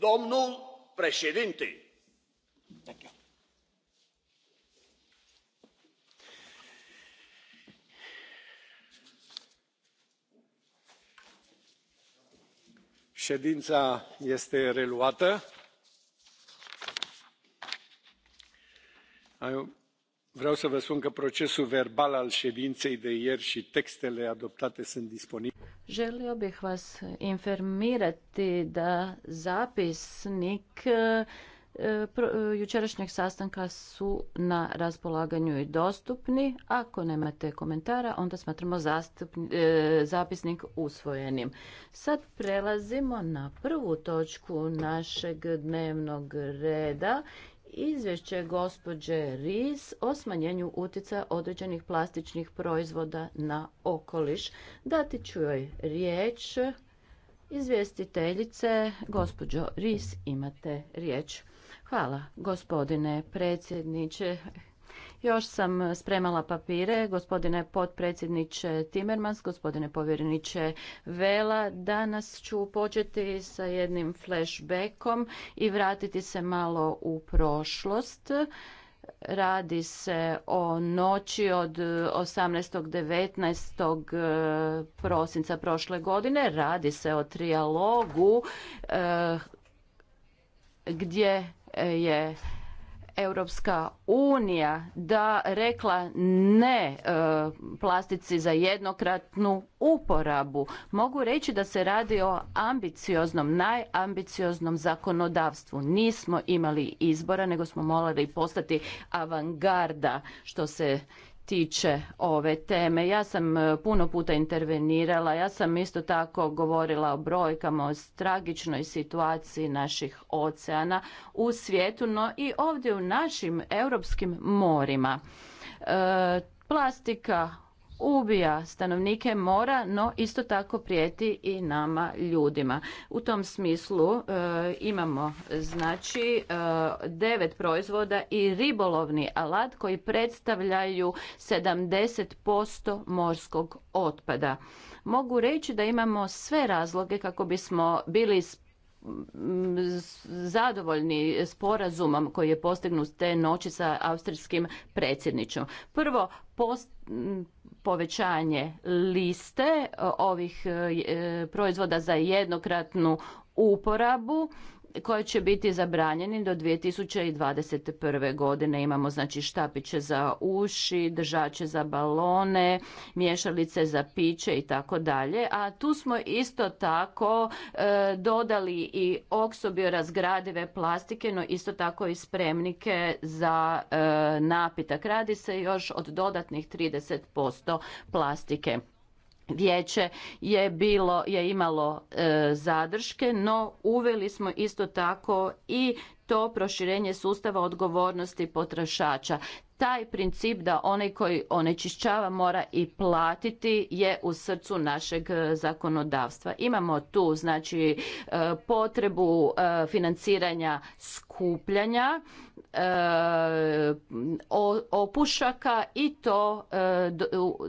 domnul președinte ședința este reluată. vreau să vă spun că procesul verbal al ședinței de ieri și textele adoptate sunt disponibile. Želio bih vas informirati da zapisnik e, e, jučerašnjeg sastanka su na raspolaganju i dostupni. Ako nemate komentara, onda smatramo e, zapisnik usvojenim. Sad prelazimo na prvu točku našeg dnevnog reda izvješće gospođe Ris o smanjenju utjecaja određenih plastičnih proizvoda na okoliš. Dati ću joj riječ. Izvjestiteljice, gospođo Ris, imate riječ. Hvala, gospodine predsjedniče. Još sam spremala papire, gospodine potpredsjedniče Timermans, gospodine povjereniče Vela. Danas ću početi sa jednim flashbackom i vratiti se malo u prošlost. Radi se o noći od 18. 19. E, prosinca prošle godine. Radi se o trijalogu e, gdje je Europska unija da rekla ne e, plastici za jednokratnu uporabu. Mogu reći da se radi o ambicioznom, najambicioznom zakonodavstvu. Nismo imali izbora, nego smo morali postati avangarda što se tiče ove teme. Ja sam e, puno puta intervenirala, ja sam isto tako govorila o brojkama, o tragičnoj situaciji naših oceana u svijetu, no i ovdje u našim europskim morima. E, plastika ubija stanovnike mora, no isto tako prijeti i nama ljudima. U tom smislu e, imamo znači e, devet proizvoda i ribolovni alat koji predstavljaju 70% morskog otpada. Mogu reći da imamo sve razloge kako bismo bili spremni zadovoljni sporazumom koji je postignut te noći sa austrijskim predsjedničom. Prvo, povećanje liste e, ovih e, proizvoda za jednokratnu uporabu koje će biti zabranjeni do 2021. godine. Imamo znači štapiće za uši, držače za balone, mješalice za piće i tako dalje. A tu smo isto tako e, dodali i oksobio razgradive plastike, no isto tako i spremnike za e, napitak. Radi se još od dodatnih 30% plastike. Vijeće je bilo je imalo e, zadrške, no uveli smo isto tako i to proširenje sustava odgovornosti potrošača. Taj princip da onaj koji onečišćava mora i platiti je u srcu našeg e, zakonodavstva. Imamo tu znači e, potrebu financiranja skupljanja opušaka i to